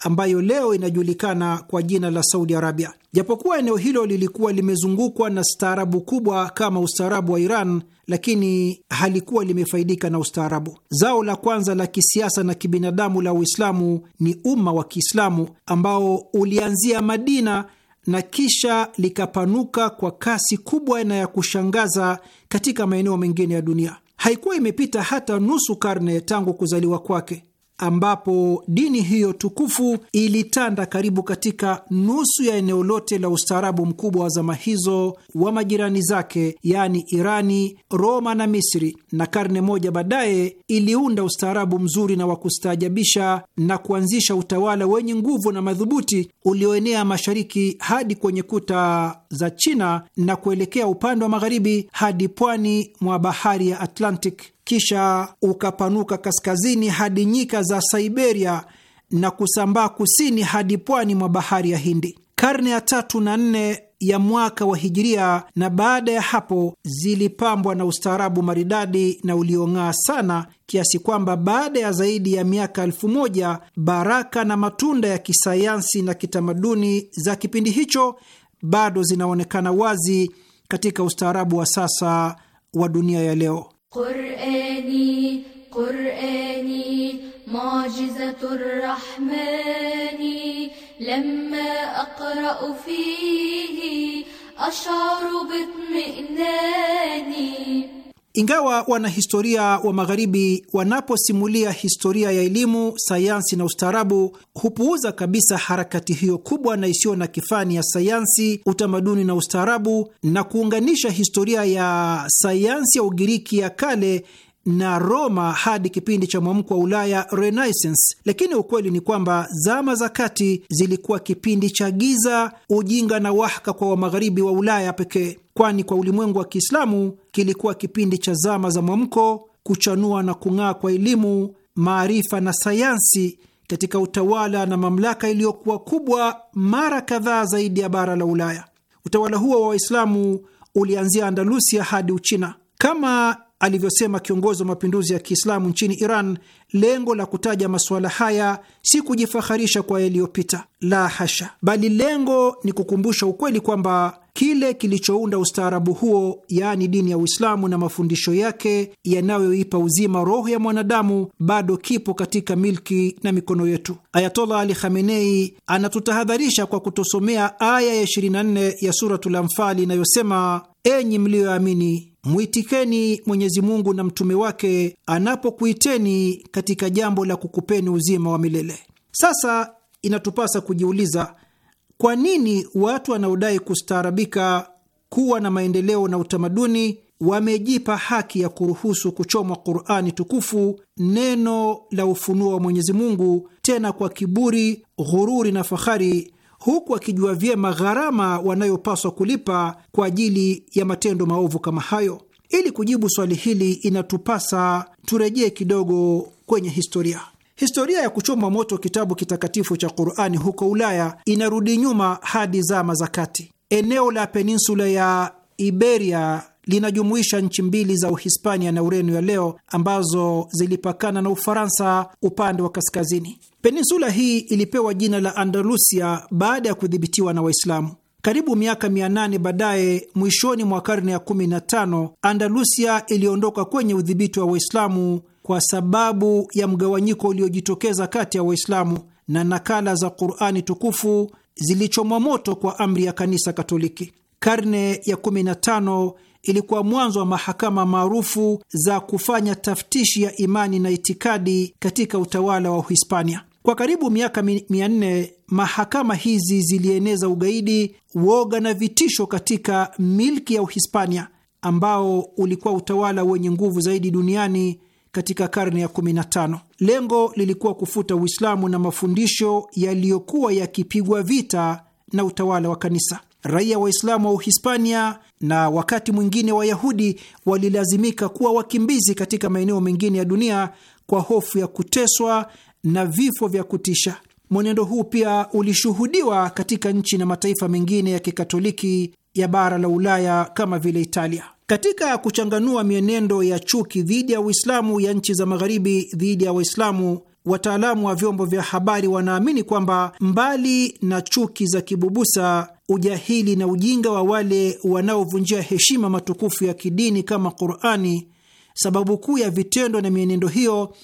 ambayo leo inajulikana kwa jina la Saudi Arabia. Japokuwa eneo hilo lilikuwa limezungukwa na staarabu kubwa kama ustaarabu wa Iran, lakini halikuwa limefaidika na ustaarabu. Zao la kwanza la kisiasa na kibinadamu la Uislamu ni umma wa Kiislamu ambao ulianzia Madina na kisha likapanuka kwa kasi kubwa na ya kushangaza katika maeneo mengine ya dunia. Haikuwa imepita hata nusu karne tangu kuzaliwa kwake ambapo dini hiyo tukufu ilitanda karibu katika nusu ya eneo lote la ustaarabu mkubwa wa zama hizo wa majirani zake, yaani Irani, Roma na Misri, na karne moja baadaye iliunda ustaarabu mzuri na wa kustaajabisha na kuanzisha utawala wenye nguvu na madhubuti ulioenea mashariki hadi kwenye kuta za China na kuelekea upande wa magharibi hadi pwani mwa bahari ya Atlantic kisha ukapanuka kaskazini hadi nyika za Siberia na kusambaa kusini hadi pwani mwa bahari ya Hindi. Karne ya tatu na nne ya mwaka wa Hijiria na baada ya hapo zilipambwa na ustaarabu maridadi na uliong'aa sana kiasi kwamba baada ya zaidi ya miaka elfu moja baraka na matunda ya kisayansi na kitamaduni za kipindi hicho bado zinaonekana wazi katika ustaarabu wa sasa wa dunia ya leo. قرآني قرآني معجزة الرحمن لما أقرأ فيه أشعر باطمئنان Ingawa wanahistoria wa Magharibi wanaposimulia historia ya elimu, sayansi na ustaarabu hupuuza kabisa harakati hiyo kubwa na isiyo na kifani ya sayansi, utamaduni na ustaarabu na kuunganisha historia ya sayansi ya Ugiriki ya kale na Roma hadi kipindi cha mwamko wa Ulaya Renaissance. Lakini ukweli ni kwamba zama za kati zilikuwa kipindi cha giza, ujinga na wahaka kwa Wamagharibi wa Ulaya pekee kwani kwa ulimwengu wa Kiislamu kilikuwa kipindi cha zama za mwamko, kuchanua na kung'aa kwa elimu, maarifa na sayansi katika utawala na mamlaka iliyokuwa kubwa mara kadhaa zaidi ya bara la Ulaya. Utawala huo wa Waislamu ulianzia Andalusia hadi Uchina. Kama alivyosema kiongozi wa mapinduzi ya Kiislamu nchini Iran, lengo la kutaja masuala haya si kujifaharisha kwa yaliyopita, la hasha, bali lengo ni kukumbusha ukweli kwamba kile kilichounda ustaarabu huo, yaani dini ya Uislamu na mafundisho yake yanayoipa uzima roho ya mwanadamu, bado kipo katika milki na mikono yetu. Ayatollah Ali Khamenei anatutahadharisha kwa kutosomea aya ya 24 ya Suratul Anfal inayosema: enyi mliyoamini mwitikeni Mwenyezi Mungu na mtume wake anapokuiteni katika jambo la kukupeni uzima wa milele. Sasa inatupasa kujiuliza, kwa nini watu wanaodai kustaarabika, kuwa na maendeleo na utamaduni wamejipa haki ya kuruhusu kuchomwa Qur'ani tukufu, neno la ufunuo wa Mwenyezi Mungu, tena kwa kiburi, ghururi na fahari huku akijua vyema gharama wanayopaswa kulipa kwa ajili ya matendo maovu kama hayo. Ili kujibu swali hili, inatupasa turejee kidogo kwenye historia. Historia ya kuchomwa moto kitabu kitakatifu cha Qurani huko Ulaya inarudi nyuma hadi zama za kati. Eneo la peninsula ya Iberia linajumuisha nchi mbili za Uhispania na Ureno ya leo ambazo zilipakana na Ufaransa upande wa kaskazini. Peninsula hii ilipewa jina la Andalusia baada ya kudhibitiwa na Waislamu. Karibu miaka 800 baadaye, mwishoni mwa karne ya 15, Andalusia iliondoka kwenye udhibiti wa Waislamu kwa sababu ya mgawanyiko uliojitokeza kati ya Waislamu na nakala za Qurani tukufu zilichomwa moto kwa amri ya kanisa Katoliki. Karne ya ilikuwa mwanzo wa mahakama maarufu za kufanya taftishi ya imani na itikadi katika utawala wa Uhispania. Kwa karibu miaka mia nne mahakama hizi zilieneza ugaidi, woga na vitisho katika milki ya Uhispania, ambao ulikuwa utawala wenye nguvu zaidi duniani katika karne ya 15. Lengo lilikuwa kufuta Uislamu na mafundisho yaliyokuwa yakipigwa vita na utawala wa kanisa raia Waislamu wa Uhispania na wakati mwingine Wayahudi walilazimika kuwa wakimbizi katika maeneo mengine ya dunia kwa hofu ya kuteswa na vifo vya kutisha. Mwenendo huu pia ulishuhudiwa katika nchi na mataifa mengine ya Kikatoliki ya bara la Ulaya kama vile Italia. Katika kuchanganua mienendo ya chuki dhidi ya Uislamu ya nchi za magharibi dhidi ya Waislamu, wataalamu wa vyombo vya habari wanaamini kwamba mbali na chuki za kibubusa ujahili na ujinga wa wale wanaovunjia heshima matukufu ya kidini kama Qurani, sababu kuu ya vitendo na mienendo hiyo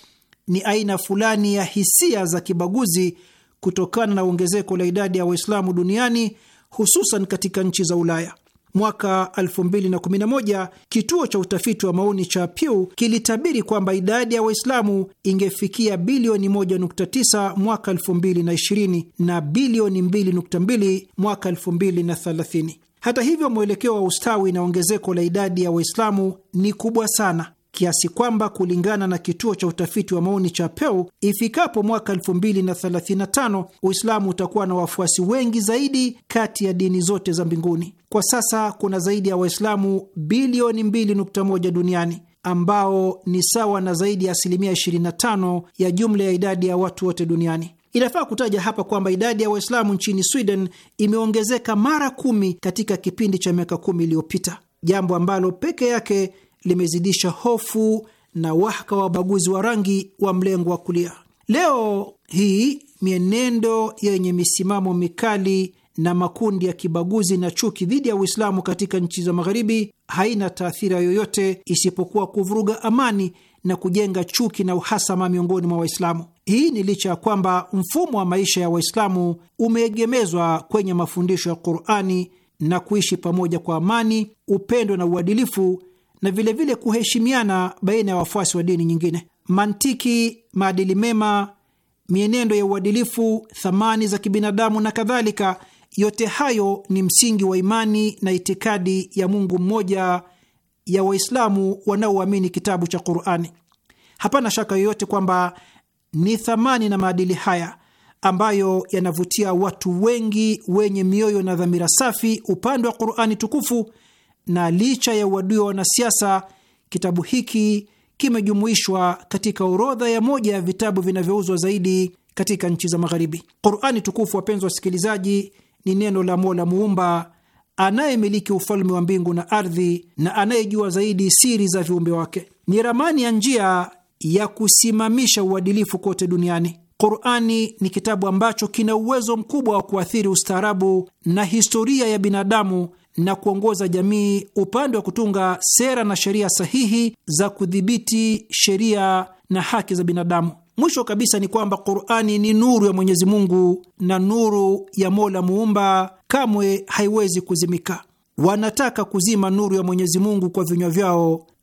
ni aina fulani ya hisia za kibaguzi kutokana na ongezeko la idadi ya Waislamu duniani, hususan katika nchi za Ulaya mwaka 2011 kituo cha utafiti wa maoni cha Pew kilitabiri kwamba idadi ya Waislamu ingefikia bilioni 1.9 mwaka 2020 na bilioni 2.2 mwaka 2030. Hata hivyo, mwelekeo wa ustawi na ongezeko la idadi ya Waislamu ni kubwa sana kiasi kwamba kulingana na kituo cha utafiti wa maoni cha Pew, ifikapo mwaka 2035 Uislamu utakuwa na wafuasi wengi zaidi kati ya dini zote za mbinguni. Kwa sasa kuna zaidi ya Waislamu bilioni 2.1 duniani ambao ni sawa na zaidi ya asilimia 25 ya jumla ya idadi ya watu wote duniani. Inafaa kutaja hapa kwamba idadi ya Waislamu nchini Sweden imeongezeka mara kumi katika kipindi cha miaka kumi iliyopita, jambo ambalo peke yake limezidisha hofu na wahaka wa ubaguzi wa rangi wa mlengo wa kulia. Leo hii mienendo yenye misimamo mikali na makundi ya kibaguzi na chuki dhidi ya Uislamu katika nchi za Magharibi haina taathira yoyote isipokuwa kuvuruga amani na kujenga chuki na uhasama miongoni mwa Waislamu. Hii ni licha ya kwamba mfumo wa maisha ya Waislamu umeegemezwa kwenye mafundisho ya Qurani na kuishi pamoja kwa amani, upendo na uadilifu na vilevile vile kuheshimiana baina ya wafuasi wa dini nyingine. Mantiki, maadili mema, mienendo ya uadilifu, thamani za kibinadamu na kadhalika, yote hayo ni msingi wa imani na itikadi ya Mungu mmoja ya Waislamu wanaoamini kitabu cha Qurani. Hapana shaka yoyote kwamba ni thamani na maadili haya ambayo yanavutia watu wengi wenye mioyo na dhamira safi upande wa Qurani tukufu na licha ya uadui wa wanasiasa, kitabu hiki kimejumuishwa katika orodha ya moja ya vitabu vinavyouzwa zaidi katika nchi za Magharibi. Qurani Tukufu, wapenzi wasikilizaji, ni neno la Mola Muumba anayemiliki ufalme wa mbingu na ardhi na anayejua zaidi siri za viumbe wake. Ni ramani ya njia ya kusimamisha uadilifu kote duniani. Qurani ni kitabu ambacho kina uwezo mkubwa wa kuathiri ustaarabu na historia ya binadamu na kuongoza jamii upande wa kutunga sera na sheria sahihi za kudhibiti sheria na haki za binadamu. Mwisho kabisa ni kwamba Qurani ni nuru ya Mwenyezi Mungu na nuru ya Mola Muumba kamwe haiwezi kuzimika. Wanataka kuzima nuru ya Mwenyezi Mungu kwa vinywa vyao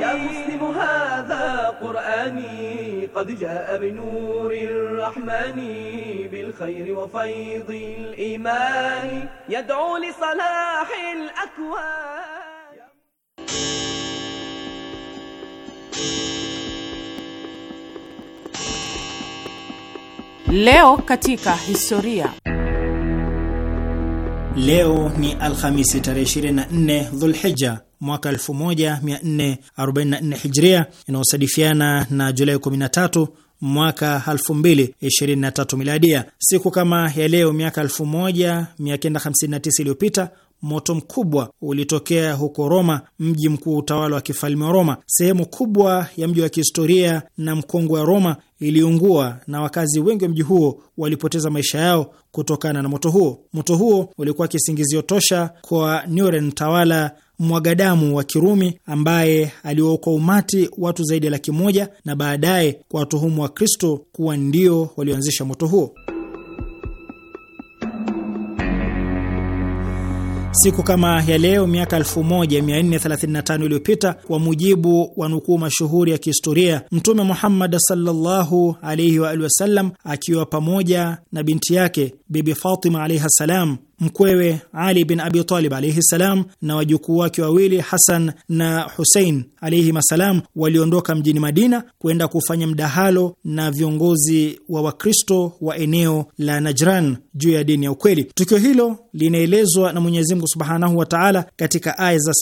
يا مسلم هذا قرآني قد جاء بنور الرحمن بالخير وفيض الإيمان يدعو لصلاح الأكوان Leo katika historia. Leo ni Alhamisi tarehe 24 Dhulhijja mwaka 1444 hijria inayosadifiana na Julai 13 mwaka 2023 miladia. Siku kama ya leo miaka 1959 iliyopita moto mkubwa ulitokea huko Roma, mji mkuu wa utawala wa kifalme wa Roma. Sehemu kubwa ya mji wa kihistoria na mkongwe wa Roma iliungua na wakazi wengi wa mji huo walipoteza maisha yao kutokana na moto huo. Moto huo ulikuwa kisingizio tosha kwa nuren mtawala mwagadamu wa Kirumi ambaye aliwaokoa umati watu zaidi ya laki moja na baadaye kwa watuhumu wa Kristo kuwa ndio walioanzisha moto huo. Siku kama ya leo miaka 1435 iliyopita, kwa mujibu wa nukuu mashuhuri ya kihistoria, Mtume Muhammad sallallahu alaihi wa alihi wasallam akiwa pamoja na binti yake Bibi Fatima alaihi ssalam mkwewe Ali bin Abi Talib alaihi salam na wajukuu wake wawili Hasan na Husein alaihim assalam waliondoka mjini Madina kwenda kufanya mdahalo na viongozi wa Wakristo wa eneo la Najran juu ya dini ya ukweli. Tukio hilo linaelezwa na Mwenyezi Mungu subhanahu wa taala katika aya za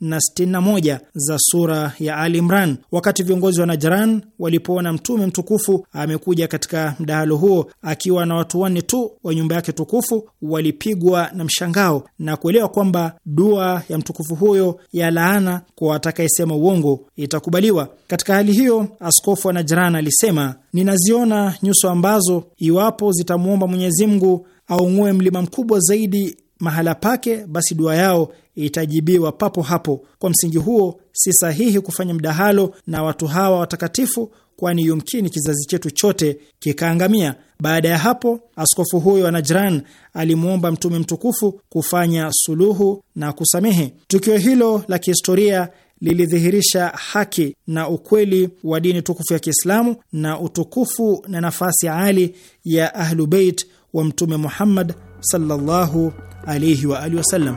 na 61 za sura ya Ali Imran. Wakati viongozi wa Najran walipoona Mtume mtukufu amekuja katika mdahalo huo akiwa na watu wanne tu wa nyumba yake tukufu, walipigwa na mshangao na kuelewa kwamba dua ya mtukufu huyo ya laana kwa watakayesema uongo itakubaliwa. Katika hali hiyo, askofu wa Najran alisema, ninaziona nyuso ambazo iwapo zitamwomba Mwenyezi Mungu aung'ue mlima mkubwa zaidi mahala pake, basi dua yao itajibiwa papo hapo. Kwa msingi huo, si sahihi kufanya mdahalo na watu hawa watakatifu, kwani yumkini kizazi chetu chote kikaangamia. Baada ya hapo, askofu huyo wa Najran alimwomba Mtume mtukufu kufanya suluhu na kusamehe. Tukio hilo la kihistoria lilidhihirisha haki na ukweli wa dini tukufu ya Kiislamu na utukufu na nafasi ali ya Ahlubeit wa Mtume Muhammad sallallahu alaihi wa alihi wasallam.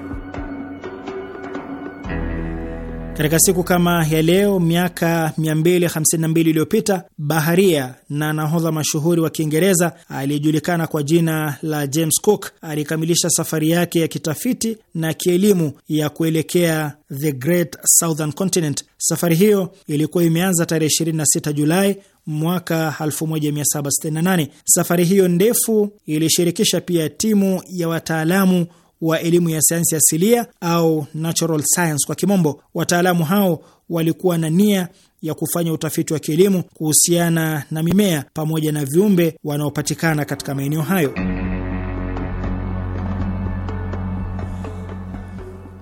Katika siku kama ya leo miaka 252 iliyopita baharia na nahodha mashuhuri wa Kiingereza aliyejulikana kwa jina la James Cook alikamilisha safari yake ya kitafiti na kielimu ya kuelekea the Great Southern Continent. Safari hiyo ilikuwa imeanza tarehe 26 Julai mwaka 1768. Safari hiyo ndefu ilishirikisha pia timu ya wataalamu wa elimu ya sayansi asilia au natural science kwa kimombo. Wataalamu hao walikuwa na nia ya kufanya utafiti wa kielimu kuhusiana na mimea pamoja na viumbe wanaopatikana katika maeneo hayo.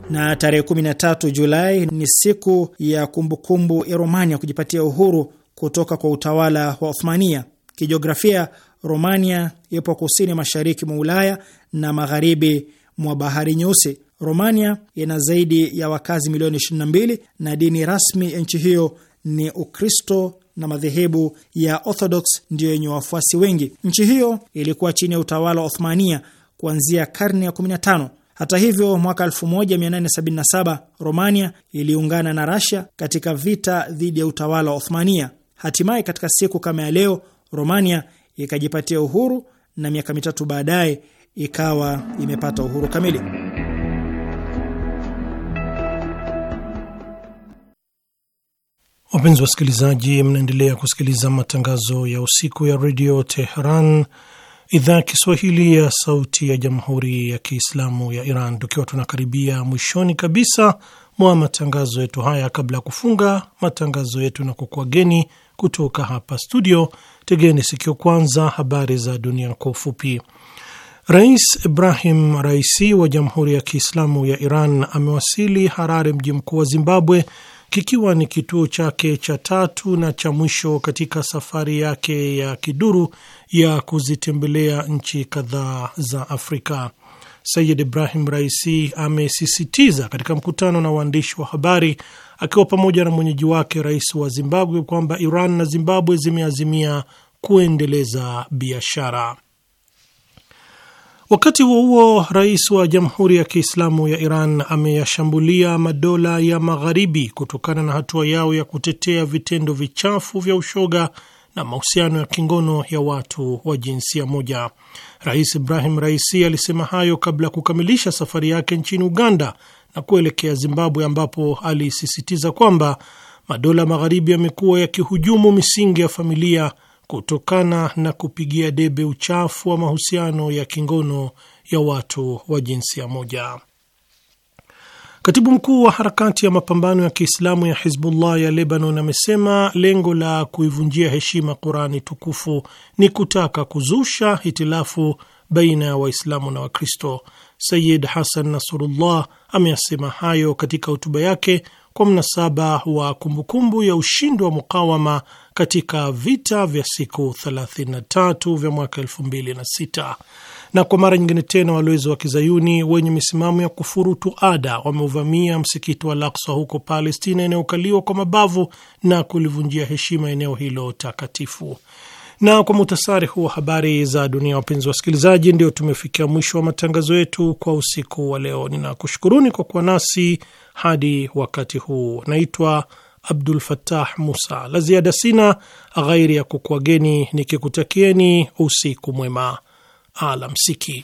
Na tarehe 13 Julai ni siku ya kumbukumbu ya Romania kujipatia uhuru kutoka kwa utawala wa Othmania. Kijiografia, Romania ipo kusini mashariki mwa Ulaya na magharibi mwa Bahari Nyeusi. Romania ina zaidi ya wakazi milioni 22 na dini rasmi ya nchi hiyo ni Ukristo na madhehebu ya Orthodox ndiyo yenye wafuasi wengi. Nchi hiyo ilikuwa chini ya utawala wa Othmania kuanzia karne ya 15. Hata hivyo, mwaka 1877 Romania iliungana na rasia katika vita dhidi ya utawala wa Othmania. Hatimaye, katika siku kama ya leo, Romania ikajipatia uhuru na miaka mitatu baadaye ikawa imepata uhuru kamili. Wapenzi wasikilizaji, mnaendelea kusikiliza matangazo ya usiku ya redio Teheran, idhaa ya Kiswahili ya sauti ya jamhuri ya Kiislamu ya Iran, tukiwa tunakaribia mwishoni kabisa mwa matangazo yetu haya. Kabla ya kufunga matangazo yetu na kukuageni kutoka hapa studio, tegeni sikio kwanza habari za dunia kwa ufupi. Rais Ibrahim Raisi wa Jamhuri ya Kiislamu ya Iran amewasili Harare, mji mkuu wa Zimbabwe, kikiwa ni kituo chake cha tatu na cha mwisho katika safari yake ya kiduru ya kuzitembelea nchi kadhaa za Afrika. Sayid Ibrahim Raisi amesisitiza katika mkutano na waandishi wa habari akiwa pamoja na mwenyeji wake rais wa Zimbabwe kwamba Iran na Zimbabwe zimeazimia kuendeleza biashara. Wakati huo huo, rais wa Jamhuri ya Kiislamu ya Iran ameyashambulia madola ya Magharibi kutokana na hatua yao ya kutetea vitendo vichafu vya ushoga na mahusiano ya kingono ya watu wa jinsia moja. Rais Ibrahim Raisi alisema hayo kabla ya kukamilisha safari yake nchini Uganda na kuelekea Zimbabwe, ambapo alisisitiza kwamba madola magharibi yamekuwa yakihujumu misingi ya familia kutokana na kupigia debe uchafu wa mahusiano ya kingono ya watu wa jinsia moja. Katibu mkuu wa harakati ya mapambano ya Kiislamu ya Hizbullah ya Lebanon amesema lengo la kuivunjia heshima Qurani tukufu ni kutaka kuzusha hitilafu baina ya Waislamu na Wakristo. Sayid Hasan Nasrullah ameyasema hayo katika hotuba yake kwa mnasaba wa kumbukumbu ya ushindi wa mukawama katika vita vya siku 33 vya mwaka 2006. Na kwa mara nyingine tena walowezi wa kizayuni wenye misimamo ya kufurutu ada wameuvamia msikiti wa Laksa huko Palestina inayokaliwa kwa mabavu na kulivunjia heshima eneo hilo takatifu. Na kwa muhtasari huu wa habari za dunia, wapenzi wasikilizaji, ndio tumefikia mwisho wa matangazo yetu kwa usiku wa leo. Ninakushukuruni kwa kuwa nasi hadi wakati huu. Naitwa Abdul Fattah Musa. La ziada sina ghairi ya kukuageni nikikutakieni usiku mwema, alamsiki.